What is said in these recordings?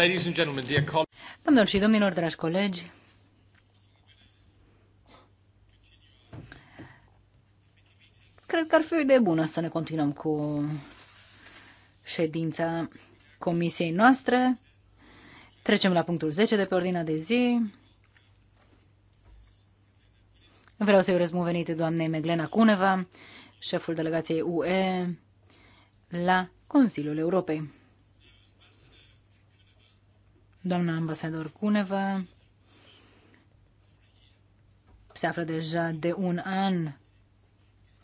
Ladies and gentlemen, dear Doamnelor și domnilor, dragi colegi, cred că ar fi o idee bună să ne continuăm cu ședința comisiei noastre. Trecem la punctul 10 de pe ordinea de zi. Vreau să-i urez venit doamnei Meglena Cuneva, șeful delegației UE la Consiliul Europei. Doamna ambasador Cuneva se află deja de un an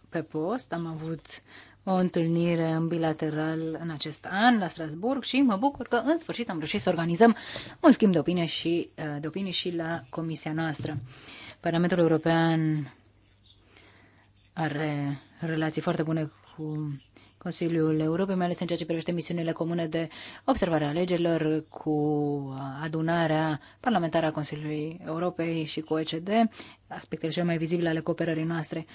pe post. Am avut o întâlnire în bilateral în acest an la Strasburg și mă bucur că în sfârșit am reușit să organizăm un schimb de opinie și, uh, de opinii și la comisia noastră. Parlamentul European are relații foarte bune cu Consiliul Europei, mai ales în ceea ce privește misiunile comune de observare a alegerilor cu adunarea parlamentară a Consiliului Europei și cu OECD, aspectele cele mai vizibile ale cooperării noastre.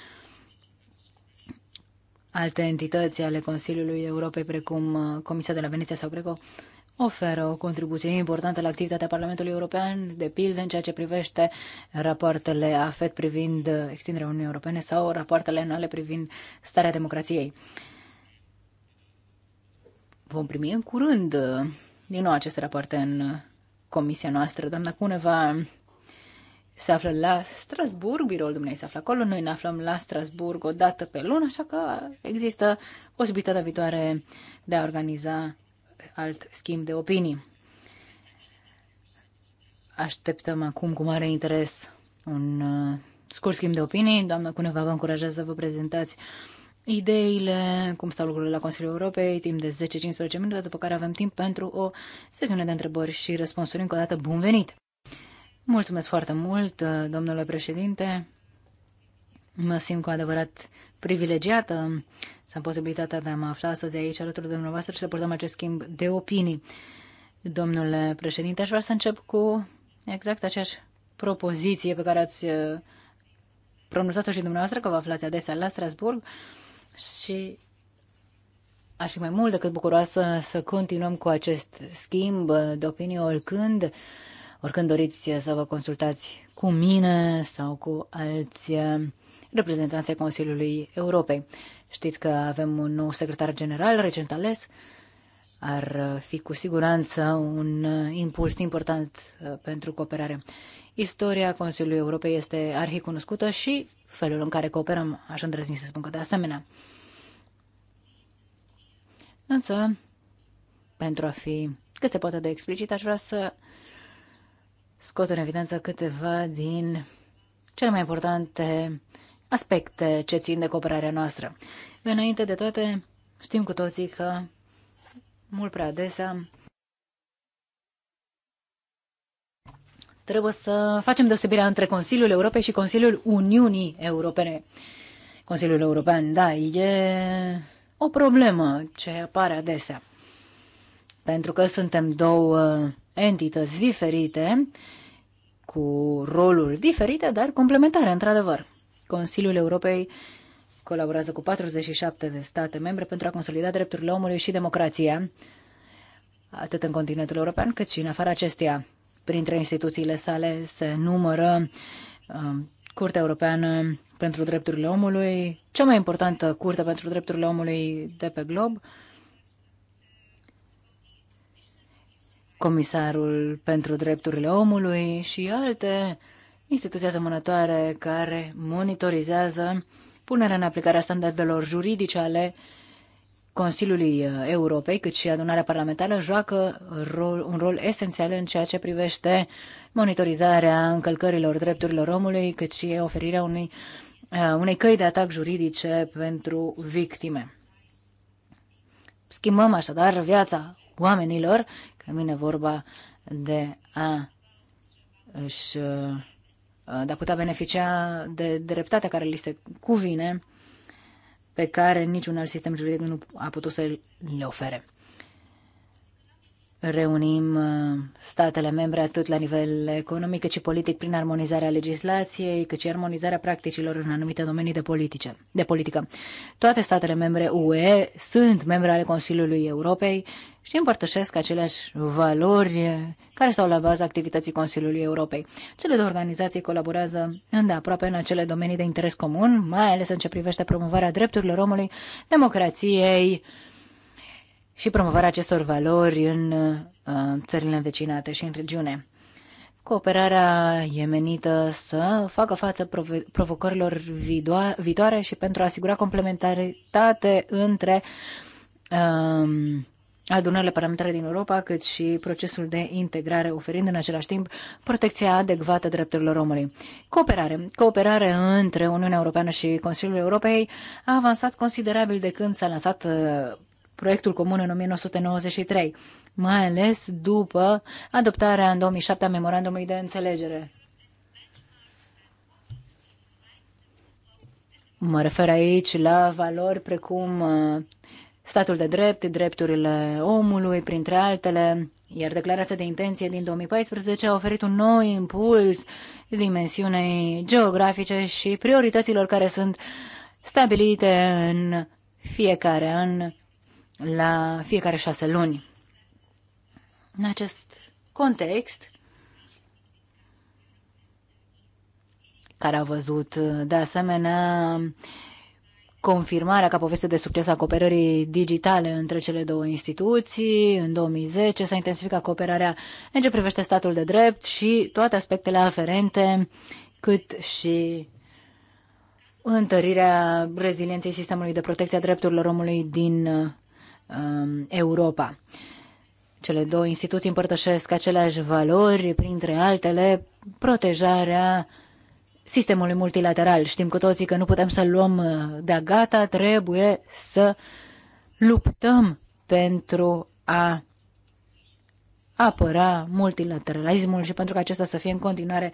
Alte entități ale Consiliului Europei, precum uh, Comisia de la Veneția sau Greco, oferă o contribuție importantă la activitatea Parlamentului European, de pildă în ceea ce privește rapoartele AFET privind extinderea Uniunii Europene sau rapoartele anuale privind starea democrației. Vom primi în curând uh, din nou aceste rapoarte în uh, comisia noastră. Doamna Cuneva se află la Strasburg, biroul dumnei se află acolo, noi ne aflăm la Strasburg o dată pe lună, așa că există posibilitatea viitoare de a organiza alt schimb de opinii. Așteptăm acum cu mare interes un uh, scurt schimb de opinii. Doamna Cuneva vă încurajează să vă prezentați uh, ideile, cum stau lucrurile la Consiliul Europei, timp de 10-15 minute, după care avem timp pentru o sesiune de întrebări și răspunsuri. Încă o dată, bun venit! Mulțumesc foarte mult, domnule președinte. Mă simt cu adevărat privilegiată să am posibilitatea de a mă afla astăzi aici alături de dumneavoastră și să purtăm acest schimb de opinii. Domnule președinte, aș vrea să încep cu exact aceeași propoziție pe care ați eh, pronunțat-o și dumneavoastră, că vă aflați adesea la Strasburg și aș fi mai mult decât bucuroasă să continuăm cu acest schimb de opinie oricând, oricând doriți să vă consultați cu mine sau cu alți eh, reprezentanții Consiliului Europei. Știți că avem un nou secretar general recent ales, ar fi cu siguranță un impuls important eh, pentru cooperare. Istoria Consiliului Europei este arhicunoscută și felul în care cooperăm, aș îndrăzni să spun că de asemenea. Însă, pentru a fi cât se poate de explicit, aș vrea să scot în evidență câteva din cele mai importante aspecte ce țin de cooperarea noastră. Înainte de toate, știm cu toții că mult prea adesea trebuie să facem deosebirea între Consiliul Europei și Consiliul Uniunii Europene. Consiliul European, da, e o problemă ce apare adesea. Pentru că suntem două entități diferite, cu roluri diferite, dar complementare, într-adevăr. Consiliul Europei colaborează cu 47 de state membre pentru a consolida drepturile omului și democrația, atât în continentul european cât și în afara acesteia printre instituțiile sale se numără um, Curtea Europeană pentru Drepturile Omului, cea mai importantă curte pentru drepturile omului de pe glob, Comisarul pentru Drepturile Omului și alte instituții asemănătoare care monitorizează punerea în aplicare a standardelor juridice ale uh, Consiliului uh, Europei, cât și adunarea parlamentară, joacă rol, un rol esențial în ceea ce privește monitorizarea încălcărilor drepturilor omului, cât și oferirea unei uh, unei căi de atac juridice pentru victime. Schimbăm așadar viața oamenilor, că mine vorba de a își uh, de a putea beneficia de dreptatea care li se cuvine pe care niciun alt sistem juridic nu a putut să le ofere reunim uh, statele membre atât la nivel economic cât și politic prin armonizarea legislației, cât și armonizarea practicilor în anumite domenii de, politice, de politică. Toate statele membre UE sunt membre ale Consiliului Europei și împărtășesc aceleași valori care stau la baza activității Consiliului Europei. Cele două organizații colaborează îndeaproape în acele domenii de interes comun, mai ales în ce privește promovarea drepturilor omului, democrației, și promovarea acestor valori în uh, țările învecinate și în regiune. Cooperarea iemenită să facă față prov- provocărilor viitoare și pentru a asigura complementaritate între um, adunările parlamentare din Europa, cât și procesul de integrare, oferind în același timp protecția adecvată drepturilor omului. Cooperare. Cooperare între Uniunea Europeană și Consiliul Europei a avansat considerabil de când s-a lansat uh, proiectul comun în 1993, mai ales după adoptarea în 2007 a memorandumului de înțelegere. Mă refer aici la valori precum uh, statul de drept, drepturile omului, printre altele, iar declarația de intenție din 2014 a oferit un nou impuls dimensiunei geografice și priorităților care sunt stabilite în fiecare an la fiecare șase luni. În acest context, care a văzut de asemenea confirmarea ca poveste de succes a cooperării digitale între cele două instituții. În 2010 s-a intensificat cooperarea în ce privește statul de drept și toate aspectele aferente, cât și întărirea rezilienței sistemului de protecție a drepturilor omului din Um, Europa. Cele două instituții împărtășesc aceleași valori, printre altele, protejarea sistemului multilateral. Știm cu toții că nu putem să luăm uh, de gata, trebuie să luptăm pentru a apăra multilateralismul și pentru că acesta să fie în continuare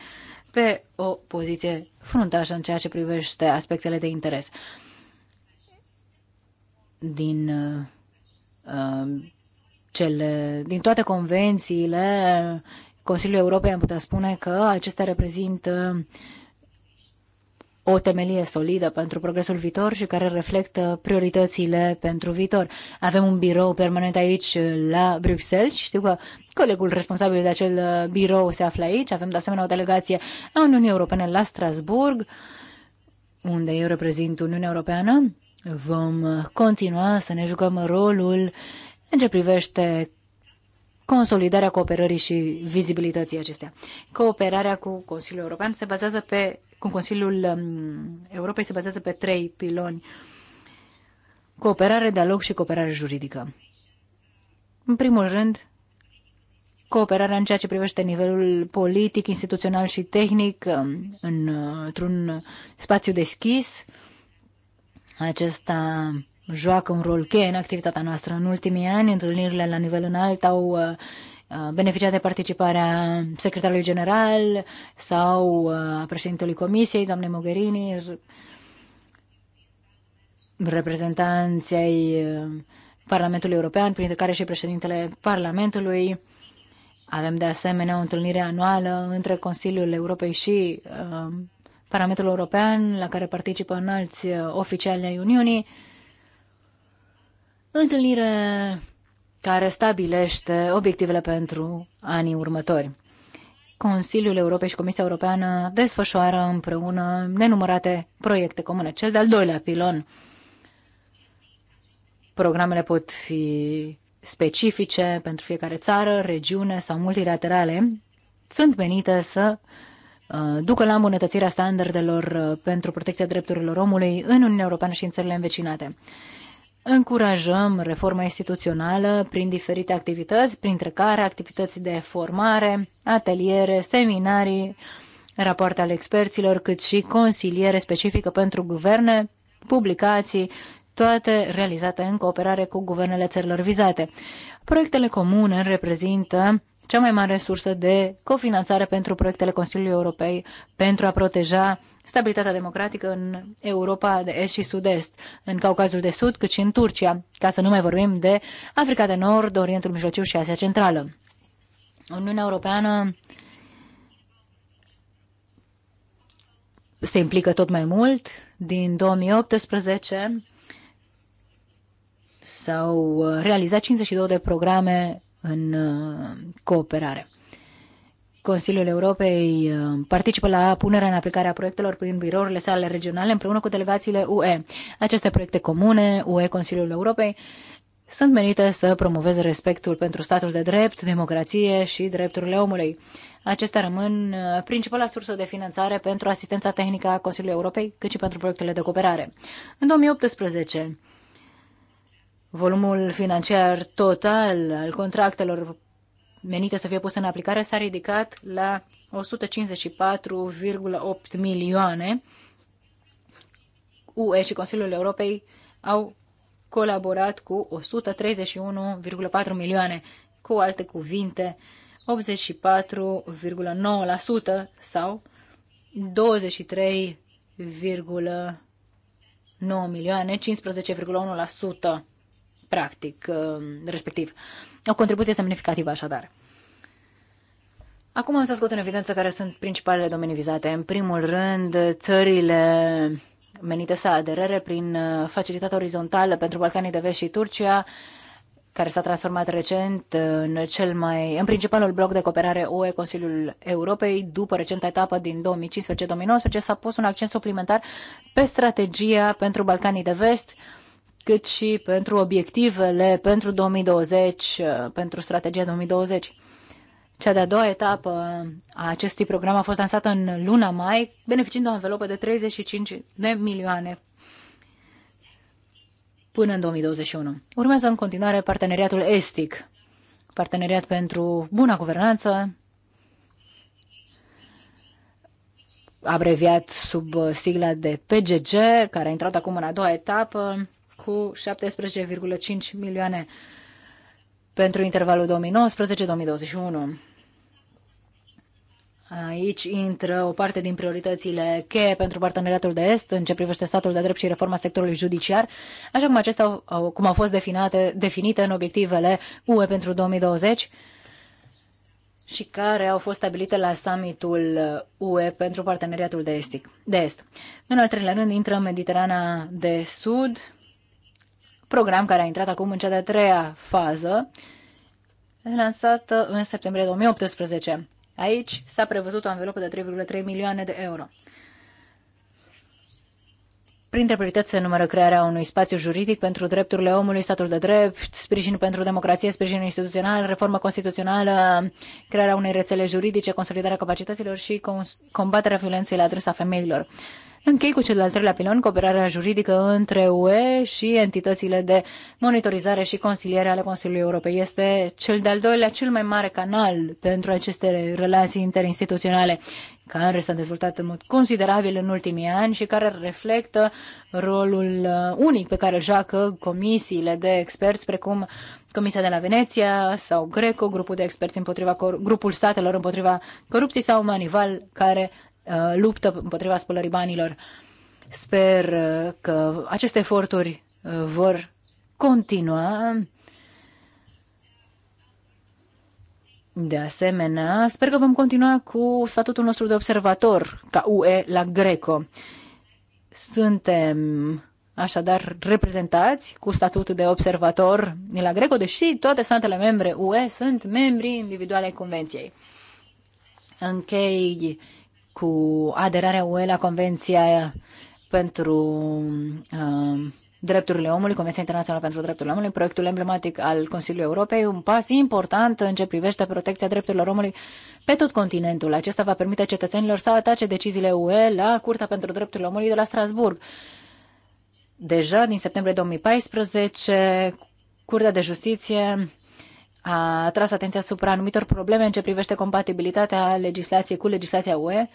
pe o poziție fruntașă în ceea ce privește aspectele de interes. Din uh, Um, cele, din toate convențiile Consiliul Europei am putea spune că acestea reprezintă o temelie solidă pentru progresul viitor și care reflectă prioritățile pentru viitor. Avem un birou permanent aici la Bruxelles. Știu că colegul responsabil de acel birou se află aici. Avem de asemenea o delegație a Uniunii Europene la Strasburg, unde eu reprezint Uniunea Europeană. Vom uh, continua să ne jucăm rolul în ce privește consolidarea cooperării și vizibilității acestea. Cooperarea cu Consiliul European se bazează pe, cu Consiliul um, Europei se bazează pe trei piloni. Cooperare, dialog și cooperare juridică. În primul rând, cooperarea în ceea ce privește nivelul politic, instituțional și tehnic um, uh, într-un spațiu deschis, acesta joacă un rol cheie în activitatea noastră. În ultimii ani, întâlnirile la nivel înalt au uh, uh, beneficiat de participarea secretarului general sau uh, a președintelui comisiei, doamnei Mogherini, reprezentanții Parlamentului European, printre care și președintele Parlamentului. Avem de asemenea o întâlnire anuală între Consiliul Europei și uh, parametrul european la care participă înalți oficiali ai Uniunii, întâlnire care stabilește obiectivele pentru anii următori. Consiliul Europei și Comisia Europeană desfășoară împreună nenumărate proiecte comune. Cel de-al doilea pilon. Programele pot fi specifice pentru fiecare țară, regiune sau multilaterale. Sunt venite să Uh, ducă la îmbunătățirea standardelor uh, pentru protecția drepturilor omului în Uniunea Europeană și în țările învecinate. Încurajăm reforma instituțională prin diferite activități, printre care activități de formare, ateliere, seminarii, rapoarte ale experților, cât și consiliere specifică pentru guverne, publicații, toate realizate în cooperare cu guvernele țărilor vizate. Proiectele comune reprezintă cea mai mare sursă de cofinanțare pentru proiectele Consiliului Europei pentru a proteja stabilitatea democratică în Europa de Est și Sud-Est, în Caucazul de Sud, cât și în Turcia, ca să nu mai vorbim de Africa de Nord, Orientul Mijlociu și Asia Centrală. Uniunea Europeană se implică tot mai mult. Din 2018 s-au realizat 52 de programe în uh, cooperare. Consiliul Europei uh, participă la punerea în aplicare a proiectelor prin birourile sale regionale împreună cu delegațiile UE. Aceste proiecte comune, UE, Consiliul Europei, sunt menite să promoveze respectul pentru statul de drept, democrație și drepturile omului. Acestea rămân uh, principala sursă de finanțare pentru asistența tehnică a Consiliului Europei, cât și pentru proiectele de cooperare. În 2018, Volumul financiar total al contractelor menite să fie puse în aplicare s-a ridicat la 154,8 milioane. UE și Consiliul Europei au colaborat cu 131,4 milioane. Cu alte cuvinte, 84,9% sau 23,9 milioane, 15,1% practic uh, respectiv. O contribuție semnificativă așadar. Acum am să scot în evidență care sunt principalele domenii vizate. În primul rând, țările menite să aderere prin uh, facilitatea orizontală pentru Balcanii de Vest și Turcia, care s-a transformat recent uh, în cel mai în principalul bloc de cooperare UE Consiliul Europei, după recenta etapă din 2015-2019, s-a pus un accent suplimentar pe strategia pentru Balcanii de Vest, uh, cât și pentru obiectivele pentru 2020, pentru strategia 2020. Cea de-a doua etapă a acestui program a fost lansată în luna mai, beneficiind de o învelopă de 35 de milioane până în 2021. Urmează în continuare parteneriatul estic, parteneriat pentru buna guvernanță, abreviat sub sigla de PGG, care a intrat acum în a doua etapă cu 17,5 milioane pentru intervalul 2019-2021. Aici intră o parte din prioritățile cheie pentru parteneriatul de est în ce privește statul de drept și reforma sectorului judiciar, așa cum acestea au, cum au fost definate, definite în obiectivele UE pentru 2020 și care au fost stabilite la summitul UE pentru parteneriatul de, estic, de est. În al treilea rând intră Mediterana de Sud, program care a intrat acum în cea de-a treia fază, lansată în septembrie 2018. Aici s-a prevăzut o anvelopă de 3,3 milioane de euro. Printre priorități se numără crearea unui spațiu juridic pentru drepturile omului, statul de drept, sprijin pentru democrație, sprijin instituțional, reformă constituțională, crearea unei rețele juridice, consolidarea capacităților și combaterea violenței la adresa femeilor. Închei cu cel de-al treilea pilon, cooperarea juridică între UE și entitățile de monitorizare și consiliere ale Consiliului Europei. Este cel de-al doilea, cel mai mare canal pentru aceste relații interinstituționale care s-a dezvoltat în mod considerabil în ultimii ani și care reflectă rolul uh, unic pe care îl joacă comisiile de experți, precum Comisia de la Veneția sau Greco, grupul de experți împotriva grupul statelor împotriva corupției sau Manival, care Uh, luptă împotriva spălării banilor. Sper uh, că aceste eforturi uh, vor continua. De asemenea, sper că vom continua cu statutul nostru de observator ca UE la Greco. Suntem așadar reprezentați cu statutul de observator la Greco, deși toate statele membre UE sunt membri individuale ai Convenției. Închei cu aderarea UE la Convenția pentru uh, Drepturile Omului, Convenția Internațională pentru Drepturile Omului, proiectul emblematic al Consiliului Europei, un pas important în ce privește protecția drepturilor omului pe tot continentul. Acesta va permite cetățenilor să atace deciziile UE la Curtea pentru Drepturile Omului de la Strasburg. Deja din septembrie 2014, Curtea de Justiție a atras atenția asupra anumitor probleme în ce privește compatibilitatea legislației cu legislația UE.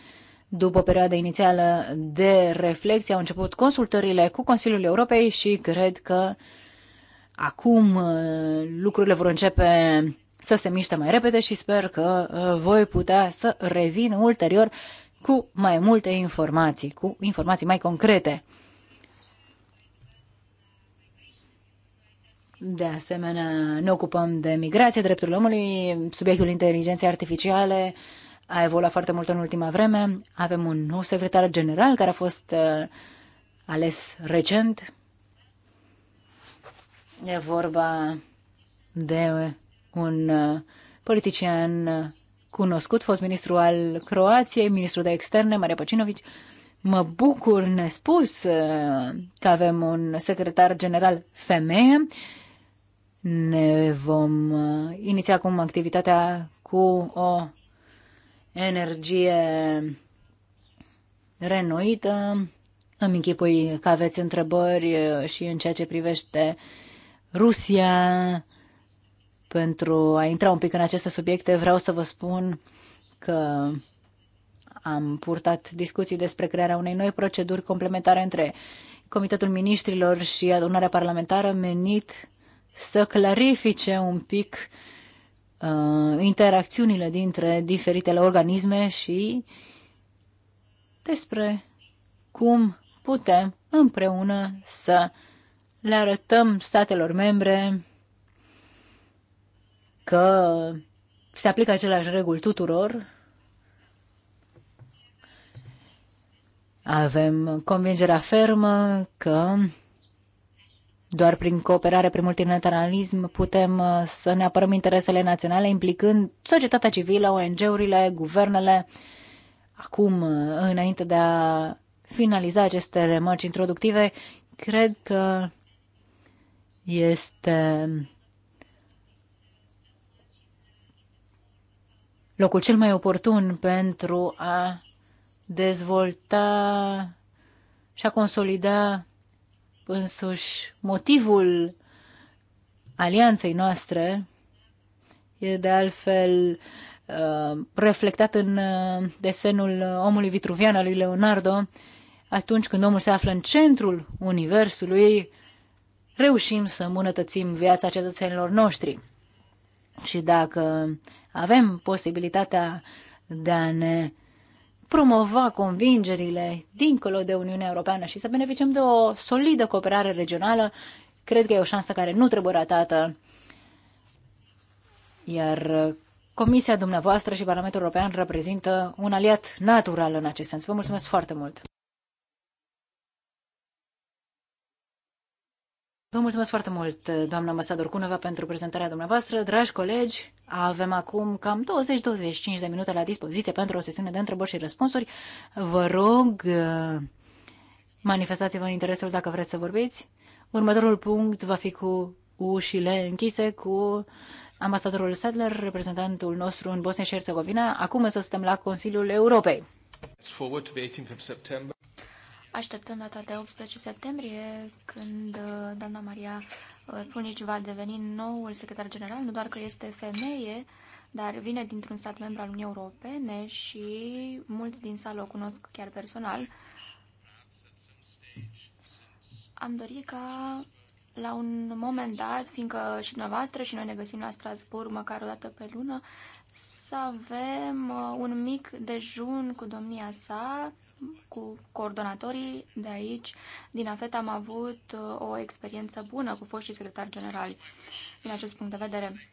După perioada inițială de reflexie au început consultările cu Consiliul Europei și cred că acum uh, lucrurile vor începe să se miște mai repede și sper că uh, voi putea să revin ulterior cu mai multe informații, cu informații mai concrete. De asemenea, ne ocupăm de migrație, drepturile omului, subiectul inteligenței artificiale a evoluat foarte mult în ultima vreme. Avem un nou secretar general care a fost uh, ales recent. E vorba de un uh, politician uh, cunoscut, fost ministru al Croației, ministru de externe, Maria Păcinovici. Mă bucur nespus uh, că avem un secretar general femeie ne vom uh, iniția acum activitatea cu o energie renoită. Îmi închipui că aveți întrebări uh, și în ceea ce privește Rusia. Pentru a intra un pic în aceste subiecte, vreau să vă spun că am purtat discuții despre crearea unei noi proceduri complementare între Comitetul Ministrilor și adunarea parlamentară menit să clarifice un pic uh, interacțiunile dintre diferitele organisme și despre cum putem împreună să le arătăm statelor membre că se aplică aceleași reguli tuturor. Avem convingerea fermă că doar prin cooperare, prin multilateralism, putem uh, să ne apărăm interesele naționale, implicând societatea civilă, ONG-urile, guvernele. Acum, uh, înainte de a finaliza aceste remarci introductive, cred că este locul cel mai oportun pentru a dezvolta și a consolida însuși motivul alianței noastre e de altfel uh, reflectat în uh, desenul omului vitruvian al lui Leonardo, atunci când omul se află în centrul universului, reușim să îmbunătățim viața cetățenilor noștri. Și dacă avem posibilitatea de a ne promova convingerile dincolo de Uniunea Europeană și să beneficiem de o solidă cooperare regională, cred că e o șansă care nu trebuie ratată. Iar Comisia dumneavoastră și Parlamentul European reprezintă un aliat natural în acest sens. Vă mulțumesc foarte mult! Vă mulțumesc foarte mult, doamna Măsador Cunova, pentru prezentarea dumneavoastră. Dragi colegi, avem acum cam 20-25 de minute la dispoziție pentru o sesiune de întrebări și răspunsuri. Vă rog, manifestați-vă interesul dacă vreți să vorbiți. Următorul punct va fi cu ușile închise cu ambasadorul Sadler, reprezentantul nostru în Bosnia și Herțegovina. Acum să stăm la Consiliul Europei. Așteptăm data de 18 septembrie, când uh, doamna Maria Funici uh, va deveni noul secretar general, nu doar că este femeie, dar vine dintr-un stat membru al Uniunii Europene și mulți din sală o cunosc chiar personal. Am dorit ca la un moment dat, fiindcă și dumneavoastră și noi ne găsim la Strasburg măcar o dată pe lună, să avem uh, un mic dejun cu domnia sa, cu coordonatorii de aici, din AFET, am avut uh, o experiență bună cu foștii secretari generali din acest punct de vedere.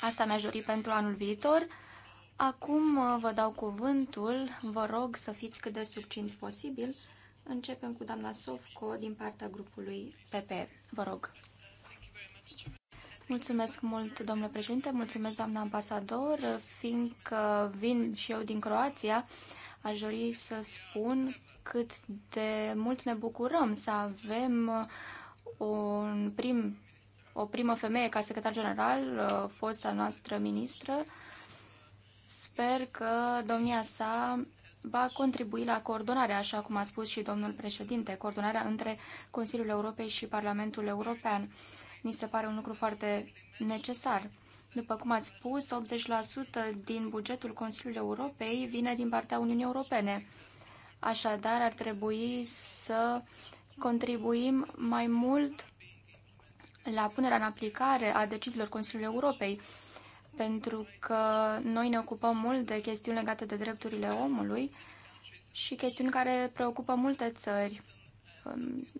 Asta mi-aș dori pentru anul viitor. Acum uh, vă dau cuvântul, vă rog să fiți cât de succinți posibil. Începem cu doamna Sofco din partea grupului PP. Vă rog. Mulțumesc mult, domnule președinte, mulțumesc, doamna ambasador, fiindcă vin și eu din Croația, Aș dori să spun cât de mult ne bucurăm să avem uh, un prim, o primă femeie ca secretar general, uh, fosta noastră ministră. Sper că domnia sa va contribui la coordonarea, așa cum a spus și domnul președinte, coordonarea între Consiliul Europei și Parlamentul European. Mi se pare un lucru foarte necesar. După cum ați spus, 80% din bugetul Consiliului Europei vine din partea Uniunii Europene. Așadar, ar trebui să contribuim mai mult la punerea în aplicare a deciziilor Consiliului Europei, pentru că noi ne ocupăm mult de chestiuni legate de drepturile omului și chestiuni care preocupă multe țări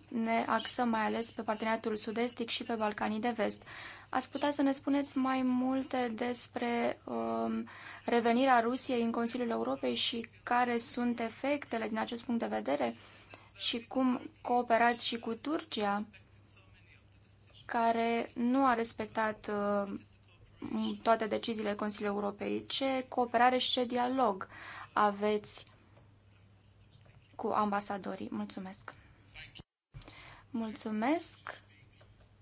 ne axăm mai ales pe parteneriatul sud-estic și pe Balcanii de vest. Ați putea să ne spuneți mai multe despre um, revenirea Rusiei în Consiliul Europei și care sunt efectele din acest punct de vedere și cum cooperați și cu Turcia, care nu a respectat uh, toate deciziile Consiliului Europei. Ce cooperare și ce dialog aveți cu ambasadorii? Mulțumesc! Mulțumesc.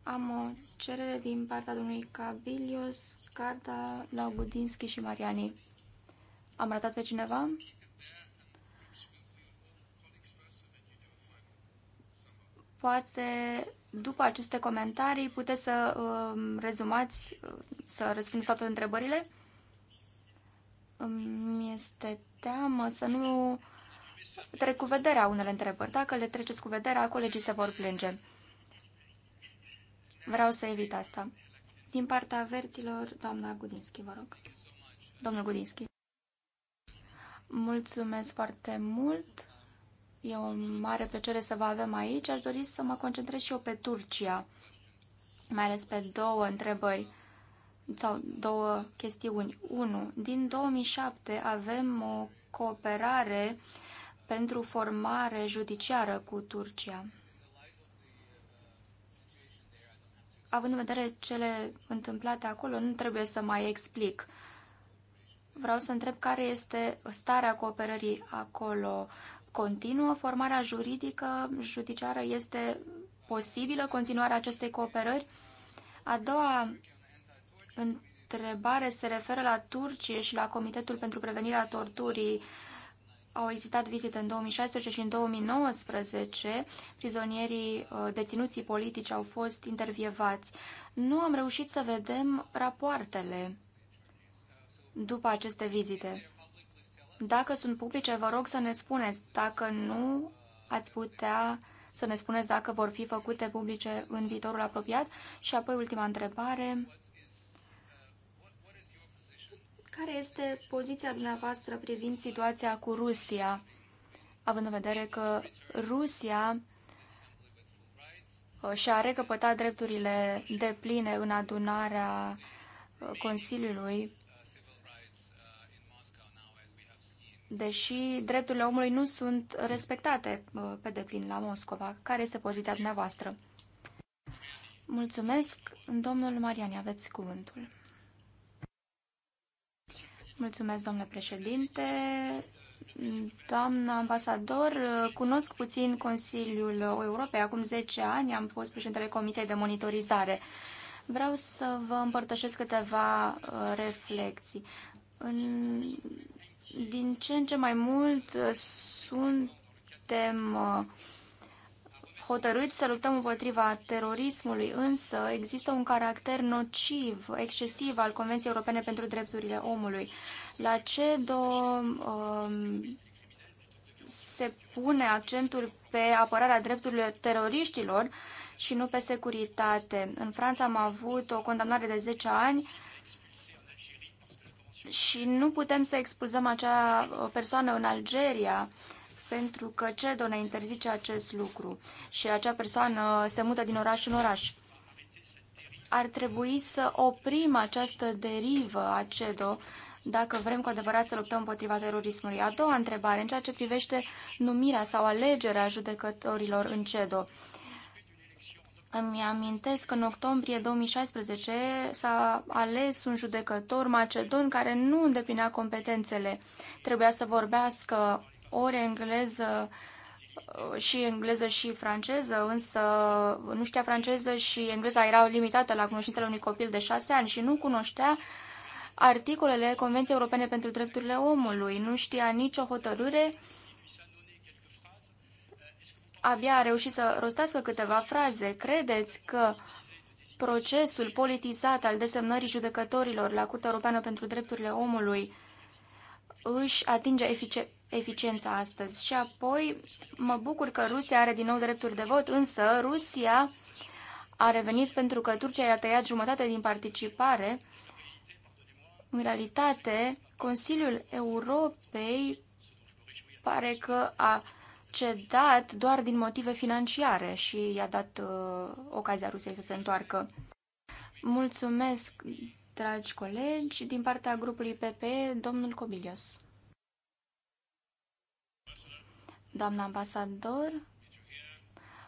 Am o cerere din partea domnului Cabilios, Carta, Laugudinski și Mariani. Am ratat pe cineva? Poate după aceste comentarii puteți să uh, rezumați, să răspundeți toate întrebările? um, este teamă să nu trec cu vederea unele întrebări. Dacă le treceți cu vederea, colegii se vor plânge. Vreau să evit asta. Din partea verților, doamna Gudinski, vă rog. Domnul Gudinski. Mulțumesc foarte mult. E o mare plăcere să vă avem aici. Aș dori să mă concentrez și eu pe Turcia, mai ales pe două întrebări sau două chestiuni. unu Din 2007 avem o cooperare uh, pentru formare judiciară cu Turcia. Având în vedere cele întâmplate acolo, nu trebuie să mai explic. Vreau să întreb care este starea cooperării acolo. Continuă formarea juridică, judiciară, este posibilă continuarea acestei cooperări? A doua întrebare se referă la Turcie și la Comitetul pentru Prevenirea Torturii au existat vizite în 2016 și în 2019. Prizonierii uh, deținuții politici au fost intervievați. Nu am reușit să vedem rapoartele după aceste vizite. Dacă sunt publice, vă rog să ne spuneți. Dacă nu, ați putea să ne spuneți dacă vor fi făcute publice în viitorul apropiat. Și apoi ultima întrebare. Care este poziția dumneavoastră privind situația cu Rusia, având în vedere că Rusia uh, și-a recăpătat drepturile de pline în adunarea uh, Consiliului, deși drepturile omului nu sunt respectate uh, pe deplin la Moscova. Care este poziția dumneavoastră? Mulțumesc, domnul Mariani, aveți cuvântul. Mulțumesc, domnule președinte. Doamna ambasador, cunosc puțin Consiliul Europei. Acum 10 ani am fost președintele Comisiei de Monitorizare. Vreau să vă împărtășesc câteva uh, reflexii. În, din ce în ce mai mult uh, suntem uh, hotărâți să luptăm împotriva terorismului, însă există un caracter nociv, excesiv al Convenției Europene pentru Drepturile Omului. La CEDO um, se pune accentul pe apărarea drepturilor teroriștilor și nu pe securitate. În Franța am avut o condamnare de 10 ani și nu putem să expulzăm acea persoană în Algeria pentru că CEDO ne interzice acest lucru și acea persoană se mută din oraș în oraș. Ar trebui să oprim această derivă a CEDO dacă vrem cu adevărat să luptăm împotriva terorismului. A doua întrebare, în ceea ce privește numirea sau alegerea judecătorilor în CEDO. Îmi amintesc că în octombrie 2016 s-a ales un judecător macedon care nu îndeplinea competențele. Trebuia să vorbească ore engleză uh, și engleză și franceză, însă nu știa franceză și engleza era limitată la cunoștințele unui copil de șase ani și nu cunoștea articolele Convenției Europene pentru Drepturile Omului, nu știa nicio hotărâre, abia a reușit să rostească câteva fraze. Credeți că procesul politizat al desemnării judecătorilor la Curtea Europeană pentru Drepturile Omului își atinge efice- eficiența astăzi. Și apoi mă bucur că Rusia are din nou drepturi de vot, însă Rusia a revenit pentru că Turcia i-a tăiat jumătate din participare. În realitate, Consiliul Europei pare că a cedat doar din motive financiare și i-a dat uh, ocazia Rusiei să se întoarcă. Mulțumesc, dragi colegi, din partea grupului PP, domnul Cobilios. Doamna ambasador,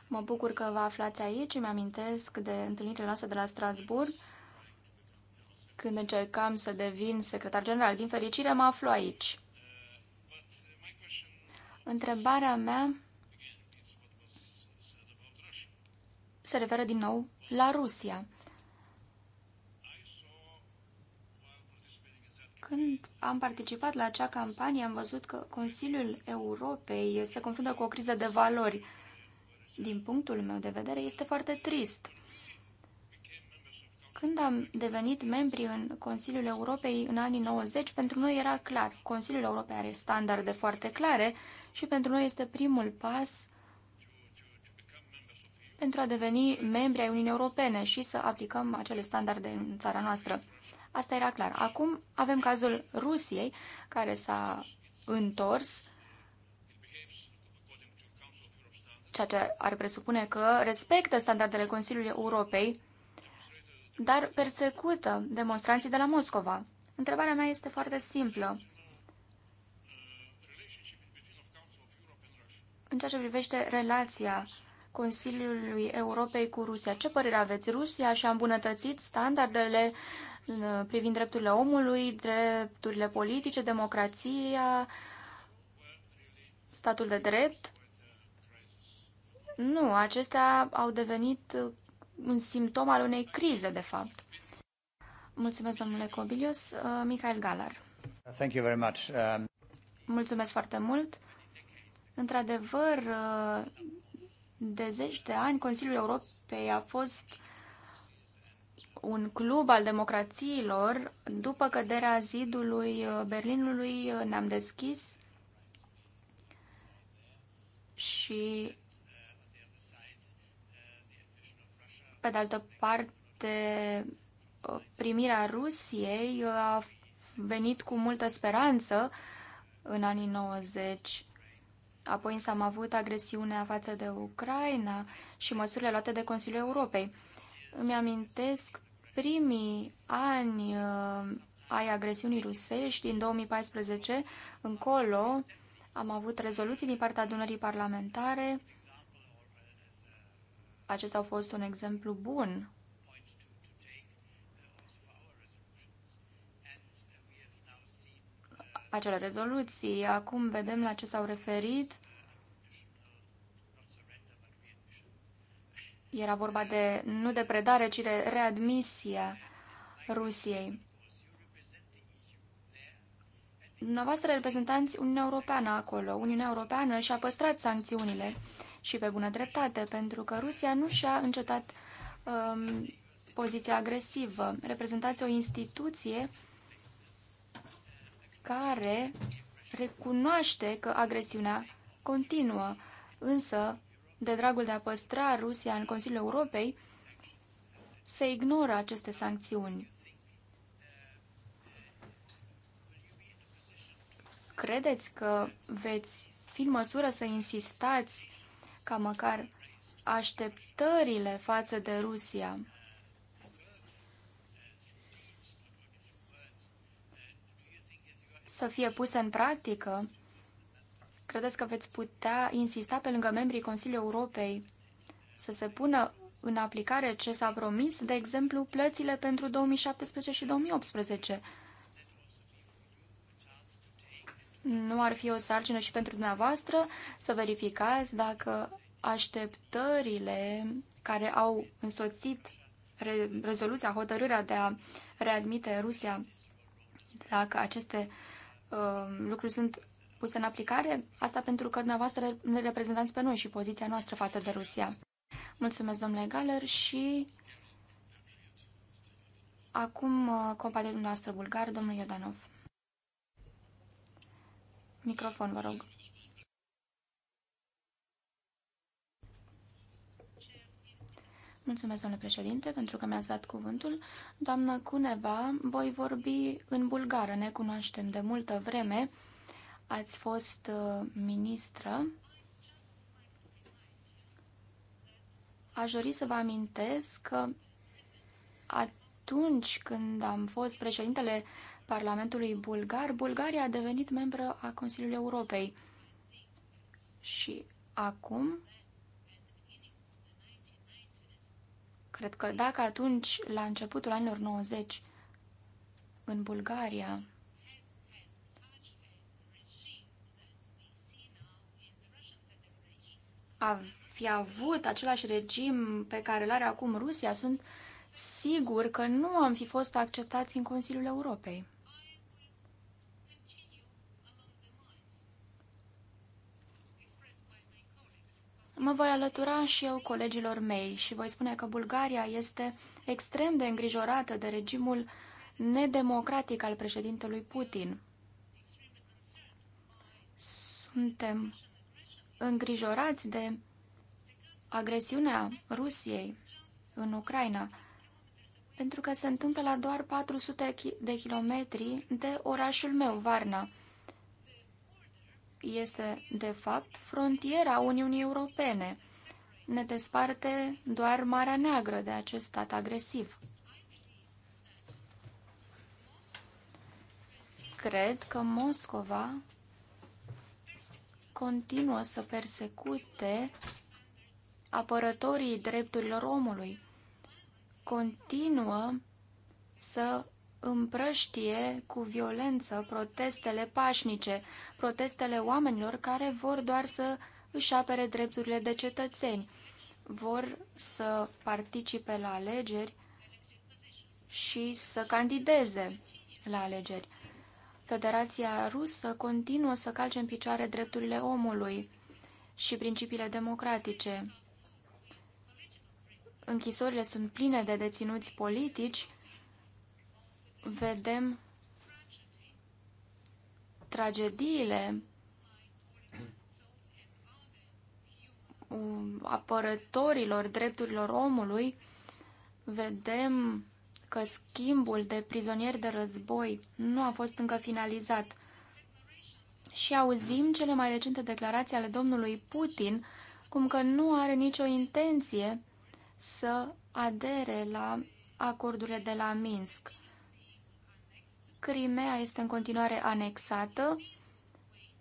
mă bucur că vă aflați aici. Îmi amintesc de întâlnirile noastre de la Strasburg, când încercam să devin secretar general. Din fericire, mă aflu aici. Întrebarea mea se referă din nou la Rusia. Când am participat la acea campanie, am văzut că Consiliul Europei se confundă cu o criză de valori. Din punctul meu de vedere, este foarte trist. Când am devenit membri în Consiliul Europei în anii 90, pentru noi era clar. Consiliul Europei are standarde foarte clare și pentru noi este primul pas pentru a deveni membri ai Uniunii Europene și să aplicăm acele standarde în țara noastră. Asta era clar. Acum avem cazul Rusiei, care s-a întors, ceea ce ar presupune că respectă standardele Consiliului Europei, dar persecută demonstranții de la Moscova. Întrebarea mea este foarte simplă. În ceea ce privește relația Consiliului Europei cu Rusia, ce părere aveți? Rusia și-a îmbunătățit standardele Uh, privind drepturile omului, drepturile politice, democrația, statul de drept. Nu, acestea au devenit uh, un simptom al unei crize, de fapt. Mulțumesc, domnule Cobilios. Uh, Michael Galar. Thank you very much. Um... Mulțumesc foarte mult. Într-adevăr, de zeci de ani, Consiliul Europei a fost un club al democrațiilor, după căderea zidului uh, Berlinului uh, ne-am deschis și pe de altă parte uh, primirea Rusiei a venit cu multă speranță în anii 90. Apoi însă am avut agresiunea față de Ucraina și măsurile luate de Consiliul Europei. Îmi amintesc primii ani uh, ai agresiunii rusești, din 2014 încolo, am avut rezoluții din partea adunării parlamentare. Acesta a fost un exemplu bun. Acele rezoluții, acum vedem la ce s-au referit Era vorba de, nu de predare, ci de readmisia Rusiei. Dumneavoastră reprezentanți Uniunea Europeană acolo. Uniunea Europeană și-a păstrat sancțiunile și pe bună dreptate, pentru că Rusia nu și-a încetat um, poziția agresivă. Reprezentați o instituție care recunoaște că agresiunea continuă, însă de dragul de a păstra Rusia în Consiliul Europei, se ignoră aceste sancțiuni. Credeți că veți fi în măsură să insistați ca măcar așteptările față de Rusia să fie puse în practică? Credeți că veți putea insista pe lângă membrii Consiliului Europei să se pună în aplicare ce s-a promis, de exemplu, plățile pentru 2017 și 2018? Nu ar fi o sarcină și pentru dumneavoastră să verificați dacă așteptările care au însoțit re rezoluția, hotărârea de a readmite Rusia, dacă aceste uh, lucruri sunt pus în aplicare? Asta pentru că dumneavoastră ne reprezentați pe noi și poziția noastră față de Rusia. Mulțumesc, domnule Galer, și acum uh, companiul noastră bulgar, domnul Iodanov. Microfon, vă rog. Mulțumesc, domnule președinte, pentru că mi-ați dat cuvântul. Doamnă Cuneva, voi vorbi în bulgară. Ne cunoaștem de multă vreme ați fost uh, ministră, aș dori să vă amintesc că atunci când am fost președintele Parlamentului Bulgar, Bulgaria a devenit membră a Consiliului Europei. Și acum, cred că dacă atunci, la începutul anilor 90, în Bulgaria, a fi avut același regim pe care îl are acum Rusia, sunt sigur că nu am fi fost acceptați în Consiliul Europei. Mă voi alătura și eu colegilor mei și voi spune că Bulgaria este extrem de îngrijorată de regimul nedemocratic al președintelui Putin. Suntem îngrijorați de agresiunea Rusiei în Ucraina, pentru că se întâmplă la doar 400 de kilometri de orașul meu, Varna. Este, de fapt, frontiera Uniunii Europene. Ne desparte doar Marea Neagră de acest stat agresiv. Cred că Moscova continuă să persecute apărătorii drepturilor omului, continuă să împrăștie cu violență protestele pașnice, protestele oamenilor care vor doar să își apere drepturile de cetățeni, vor să participe la alegeri și să candideze la alegeri. Federația Rusă continuă să calce în picioare drepturile omului și principiile democratice. Închisorile sunt pline de deținuți politici. Vedem tragediile apărătorilor drepturilor omului, vedem că schimbul de prizonieri de război nu a fost încă finalizat. Și auzim cele mai recente declarații ale domnului Putin, cum că nu are nicio intenție să adere la acordurile de la Minsk. Crimea este în continuare anexată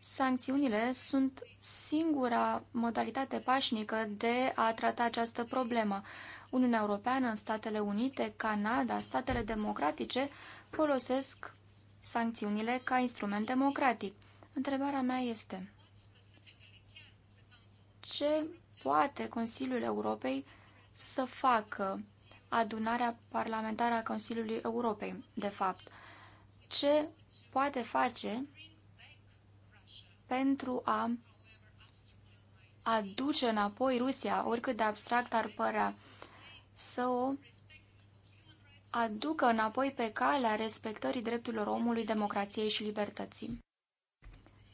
Sancțiunile sunt singura modalitate pașnică de a trata această problemă. Uniunea Europeană, Statele Unite, Canada, statele democratice folosesc sancțiunile ca instrument democratic. Întrebarea mea este ce poate Consiliul Europei să facă adunarea parlamentară a Consiliului Europei, de fapt? Ce poate face pentru a aduce înapoi Rusia, oricât de abstract ar părea, să o aducă înapoi pe calea respectării drepturilor omului, democrației și libertății.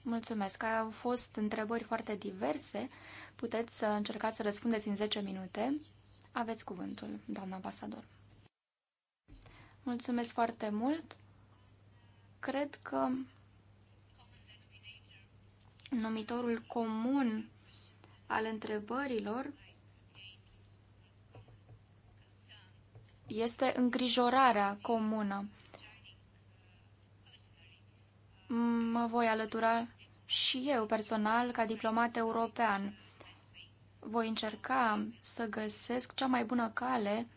Mulțumesc! Au fost întrebări foarte diverse. Puteți să încercați să răspundeți în 10 minute. Aveți cuvântul, doamna ambasador. Mulțumesc foarte mult! Cred că numitorul comun al întrebărilor este îngrijorarea comună. Mă voi alătura și eu personal ca diplomat european. Voi încerca să găsesc cea mai bună cale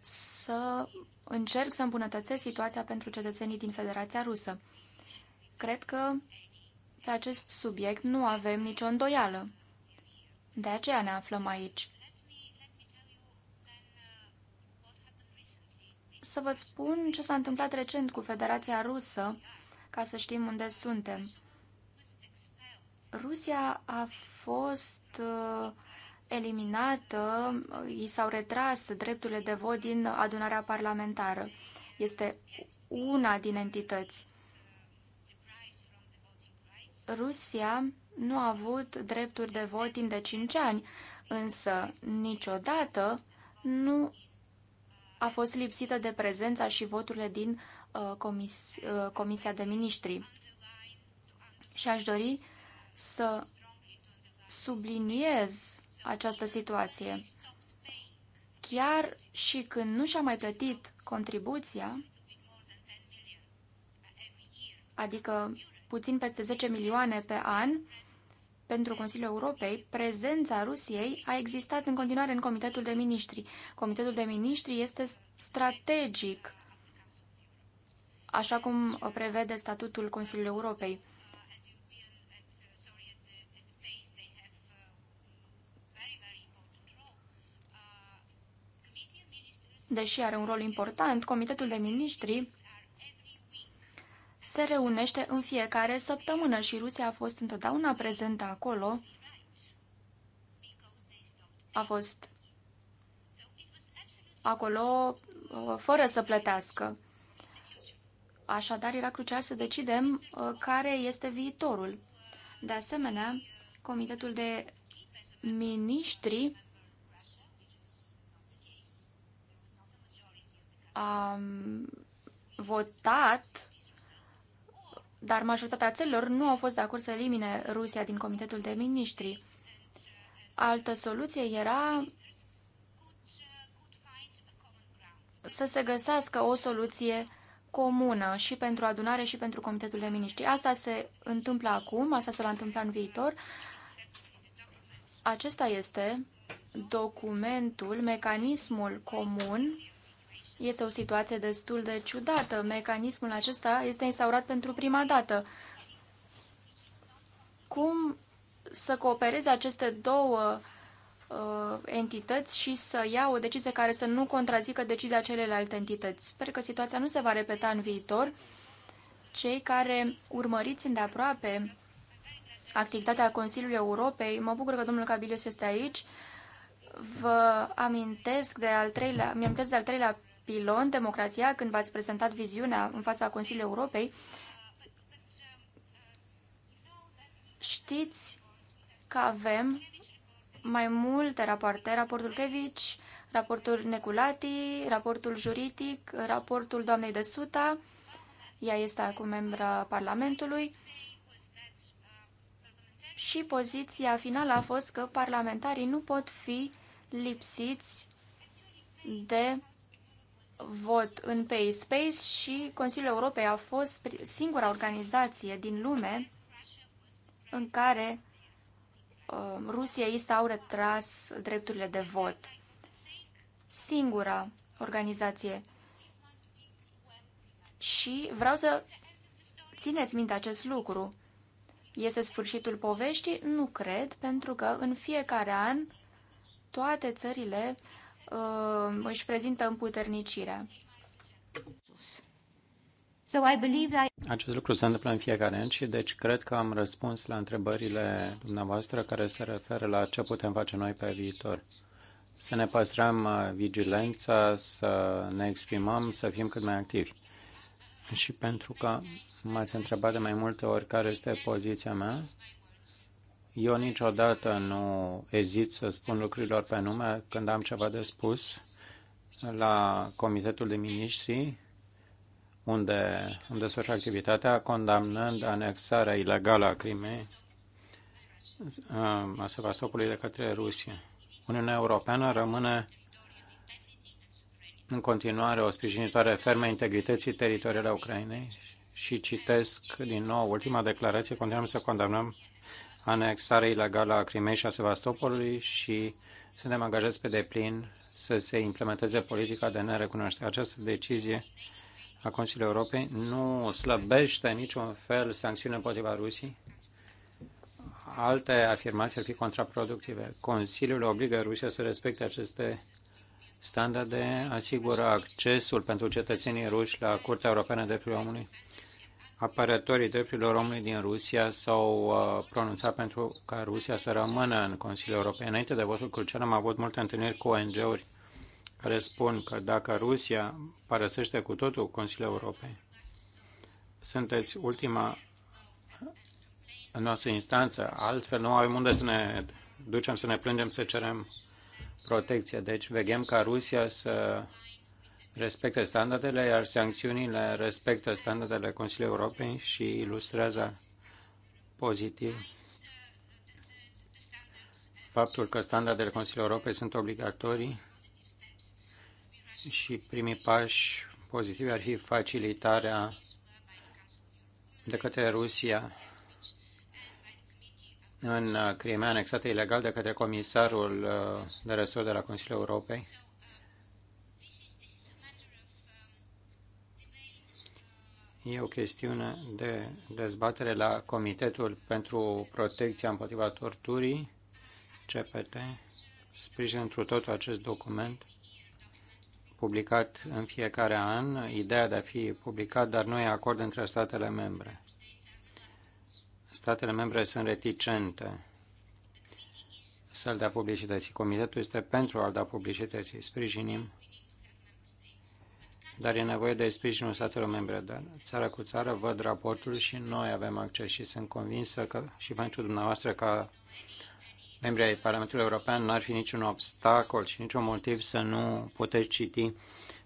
să încerc să îmbunătățesc situația pentru cetățenii din Federația Rusă. Cred că pe acest subiect nu avem nicio îndoială. De aceea ne aflăm aici. Să vă spun ce s-a întâmplat recent cu Federația Rusă, ca să știm unde suntem. Rusia a fost uh, eliminată, uh, i s-au retras drepturile de vot din adunarea parlamentară. Este una din entități. Rusia nu a avut drepturi de vot timp de 5 ani, însă niciodată nu a fost lipsită de prezența și voturile din uh, comis, uh, Comisia de Ministri. Și aș dori să subliniez această situație. Chiar și când nu și-a mai plătit contribuția, adică puțin peste 10 milioane pe an pentru Consiliul Europei, prezența Rusiei a existat în continuare în Comitetul de Ministri. Comitetul de Ministri este strategic, așa cum prevede statutul Consiliului Europei. Deși are un rol important, Comitetul de Ministri se reunește în fiecare săptămână și Rusia a fost întotdeauna prezentă acolo. A fost acolo uh, fără să plătească. Așadar, era crucial să decidem uh, care este viitorul. De asemenea, Comitetul de Ministri a um, votat dar majoritatea țărilor nu au fost de acord să elimine Rusia din Comitetul de Ministri. Altă soluție era să se găsească o soluție comună și pentru adunare și pentru Comitetul de Ministri. Asta se întâmplă acum, asta se va întâmpla în viitor. Acesta este documentul, mecanismul comun este o situație destul de ciudată. Mecanismul acesta este instaurat pentru prima dată. Cum să coopereze aceste două uh, entități și să ia o decizie care să nu contrazică decizia celelalte entități. Sper că situația nu se va repeta în viitor. Cei care urmăriți îndeaproape activitatea Consiliului Europei, mă bucur că domnul Cabilius este aici, vă amintesc de al treilea, mi-amintesc de al treilea pilon, democrația, când v-ați prezentat viziunea în fața Consiliului Europei, știți că avem mai multe rapoarte, raportul Kevici, raportul Neculati, raportul juridic, raportul doamnei de Suta, ea este acum membra Parlamentului, și poziția finală a fost că parlamentarii nu pot fi lipsiți de vot în PaySpace și Consiliul Europei a fost singura organizație din lume în care uh, Rusia i s-au retras drepturile de vot. Singura organizație. Și vreau să țineți minte acest lucru. Este sfârșitul poveștii? Nu cred, pentru că în fiecare an toate țările Uh, își prezintă împuternicirea. So I believe I... Acest lucru se întâmplă în fiecare an și deci cred că am răspuns la întrebările dumneavoastră care se referă la ce putem face noi pe viitor. Să ne păstrăm uh, vigilența, să ne exprimăm, să fim cât mai activi. Și pentru că m-ați întrebat de mai multe ori care este poziția mea, eu niciodată nu ezit să spun lucrurilor pe nume când am ceva de spus la Comitetul de Ministri, unde îmi desfășor activitatea, condamnând anexarea ilegală a Crimei uh, a Sevastopolului de către Rusia. Uniunea Europeană rămâne în continuare o sprijinitoare fermă integrității teritoriale a Ucrainei și citesc din nou ultima declarație, continuăm să condamnăm anexare ilegală a Crimei și a Sevastopolului și suntem angajați pe deplin să se implementeze politica de nerecunoaștere. Această decizie a Consiliului Europei nu slăbește în niciun fel sancțiunile împotriva Rusiei. Alte afirmații ar fi contraproductive. Consiliul obligă Rusia să respecte aceste standarde, asigură accesul pentru cetățenii ruși la Curtea Europeană de Drepturile Omului apărătorii drepturilor omului din Rusia s-au uh, pronunțat pentru ca Rusia să rămână în Consiliul European. Înainte de votul crucial am avut multe întâlniri cu ONG-uri care spun că dacă Rusia părăsește cu totul Consiliul European, sunteți ultima noastră instanță, altfel nu avem unde să ne ducem să ne plângem, să cerem protecție. Deci vegem ca Rusia să respectă standardele, iar sancțiunile respectă standardele Consiliului Europei și ilustrează pozitiv faptul că standardele Consiliului Europei sunt obligatorii și primii pași pozitivi ar fi facilitarea de către Rusia în Crimea anexată ilegal de către comisarul uh, de resort de la Consiliul Europei E o chestiune de dezbatere la Comitetul pentru Protecția împotriva torturii, CPT, sprijin întru tot acest document publicat în fiecare an, ideea de a fi publicat, dar nu e acord între statele membre. Statele membre sunt reticente să-l dea publicității. Comitetul este pentru a-l da publicității. Sprijinim dar e nevoie de sprijinul statelor membre. Dar țară cu țară văd raportul și noi avem acces și sunt convinsă că și pentru dumneavoastră ca membri ai Parlamentului European n-ar fi niciun obstacol și niciun motiv să nu puteți citi,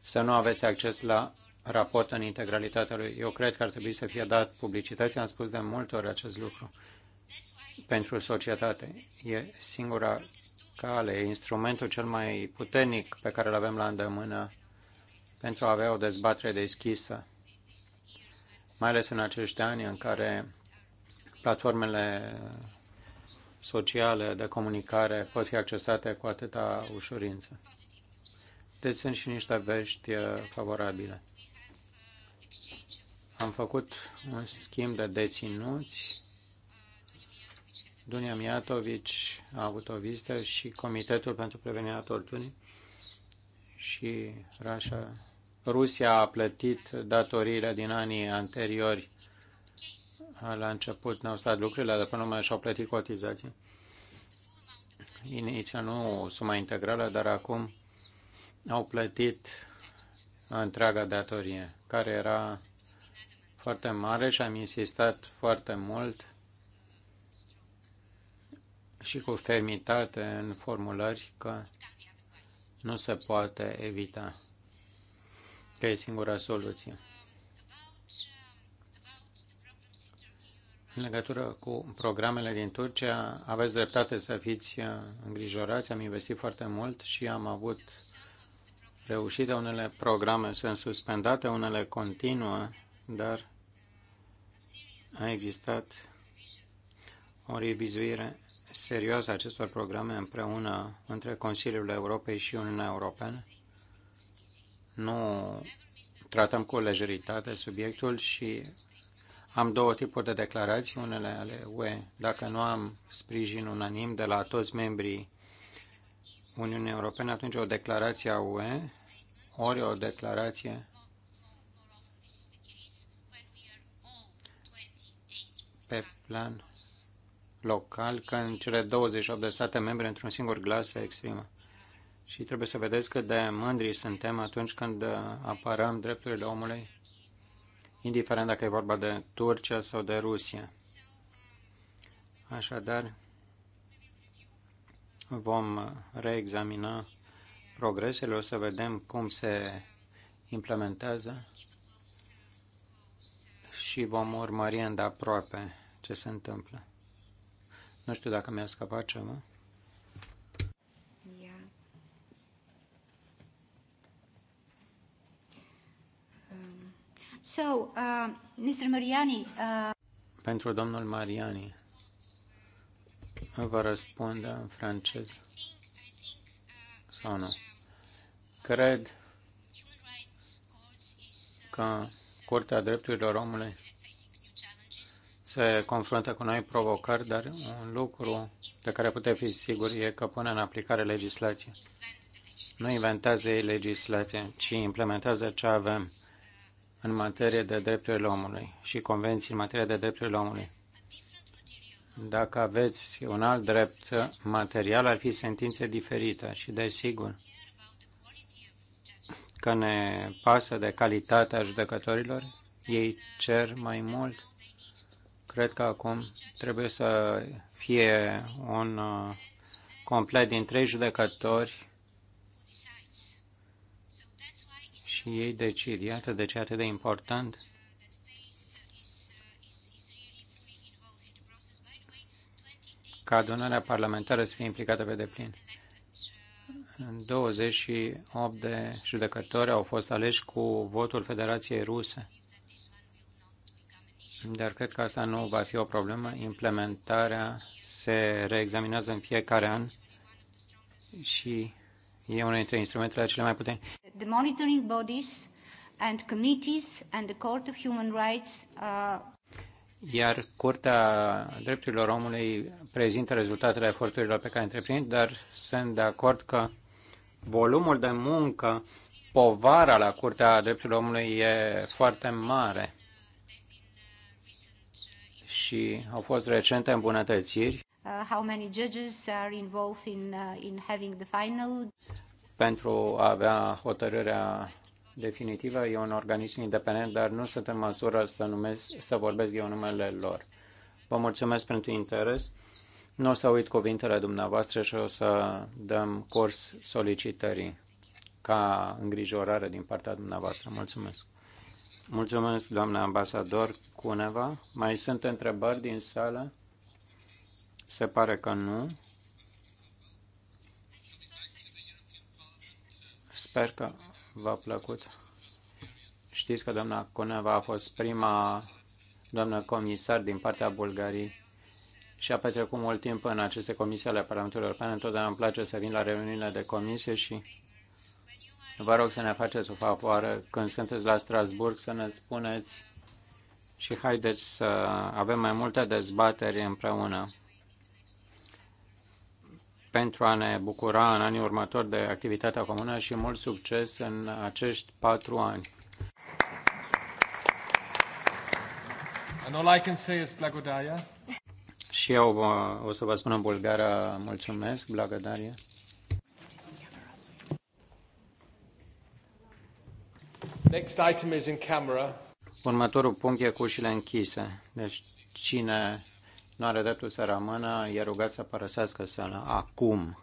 să nu aveți acces la raport în integralitatea lui. Eu cred că ar trebui să fie dat publicității, am spus de multe ori acest lucru, pentru societate. E singura cale, e instrumentul cel mai puternic pe care îl avem la îndemână pentru a avea o dezbatere deschisă, mai ales în acești ani în care platformele sociale de comunicare pot fi accesate cu atâta ușurință. Deci sunt și niște vești uh, favorabile. Am făcut un schimb de deținuți. Dunia Miatovici a avut o vizită și Comitetul pentru Prevenirea Torturii și Russia, Rusia a plătit datoriile din anii anteriori. La început n-au stat lucrurile, dar până mai și-au plătit cotizații. Inițial nu suma integrală, dar acum au plătit întreaga datorie, care era foarte mare și am insistat foarte mult și cu fermitate în formulări că nu se poate evita, că e singura soluție. În legătură cu programele din Turcia, aveți dreptate să fiți îngrijorați. Am investit foarte mult și am avut reușite. Unele programe sunt suspendate, unele continuă, dar a existat o revizuire serioasă a acestor programe împreună între Consiliul Europei și Uniunea Europeană. Nu tratăm cu lejeritate subiectul și am două tipuri de declarații, unele ale UE. Dacă nu am sprijin unanim de la toți membrii Uniunii Europene, atunci o declarație a UE, ori o declarație pe plan local când cele 28 de state membre într-un singur glas se exprimă. Și trebuie să vedeți cât de mândri suntem atunci când apărăm drepturile omului, indiferent dacă e vorba de Turcia sau de Rusia. Așadar, vom reexamina progresele, o să vedem cum se implementează și vom urmări îndeaproape ce se întâmplă. Nu știu dacă mi-a scăpat ceva. Yeah. Um, so, uh, Mr. Mariani, uh... Pentru domnul Mariani, vă răspund în franceză sau nu. Cred că Curtea Drepturilor Omului se confruntă cu noi provocări, dar un lucru de care puteți fi siguri e că pune în aplicare legislația. Nu inventează ei legislație, ci implementează ce avem în materie de drepturile omului și convenții în materie de drepturile omului. Dacă aveți un alt drept material, ar fi sentințe diferite și, desigur, că ne pasă de calitatea judecătorilor, ei cer mai mult cred că acum trebuie să fie un uh, complet din trei judecători și ei decid. Iată de ce atât de important ca adunarea parlamentară să fie implicată pe deplin. 28 de judecători au fost aleși cu votul Federației Ruse dar cred că asta nu va fi o problemă. Implementarea se reexaminează în fiecare an și e unul dintre instrumentele cele mai puternice. The monitoring bodies and committees and the Court of Human Rights uh... iar Curtea Drepturilor Omului prezintă rezultatele eforturilor pe care întreprind, dar sunt de acord că volumul de muncă, povara la Curtea Drepturilor Omului e foarte mare și au fost recente îmbunătățiri. Uh, how many judges are involved in, uh, in having the final? Pentru a avea hotărârea definitivă, e un organism independent, dar nu sunt în măsură să, numesc, să vorbesc eu numele lor. Vă mulțumesc pentru interes. Nu o să uit cuvintele dumneavoastră și o să dăm curs solicitării ca îngrijorare din partea dumneavoastră. Mulțumesc! Mulțumesc, doamna ambasador Cuneva. Mai sunt întrebări din sală? Se pare că nu. Sper că v-a plăcut. Știți că doamna Cuneva a fost prima doamnă comisar din partea Bulgariei și a petrecut mult timp în aceste comisii ale Parlamentului European. Întotdeauna îmi place să vin la reuniunile de comisie și Vă rog să ne faceți o favoare când sunteți la Strasburg să ne spuneți și haideți să avem mai multe dezbateri împreună pentru a ne bucura în anii următori de activitatea comună și mult succes în acești patru ani. And all I can say is Și eu uh, o să vă spun în bulgară mulțumesc, Blagodaria. Next item is in camera. Următorul punct e cu ușile închise. Deci cine nu are dreptul să rămână, e rugat să părăsească sala acum.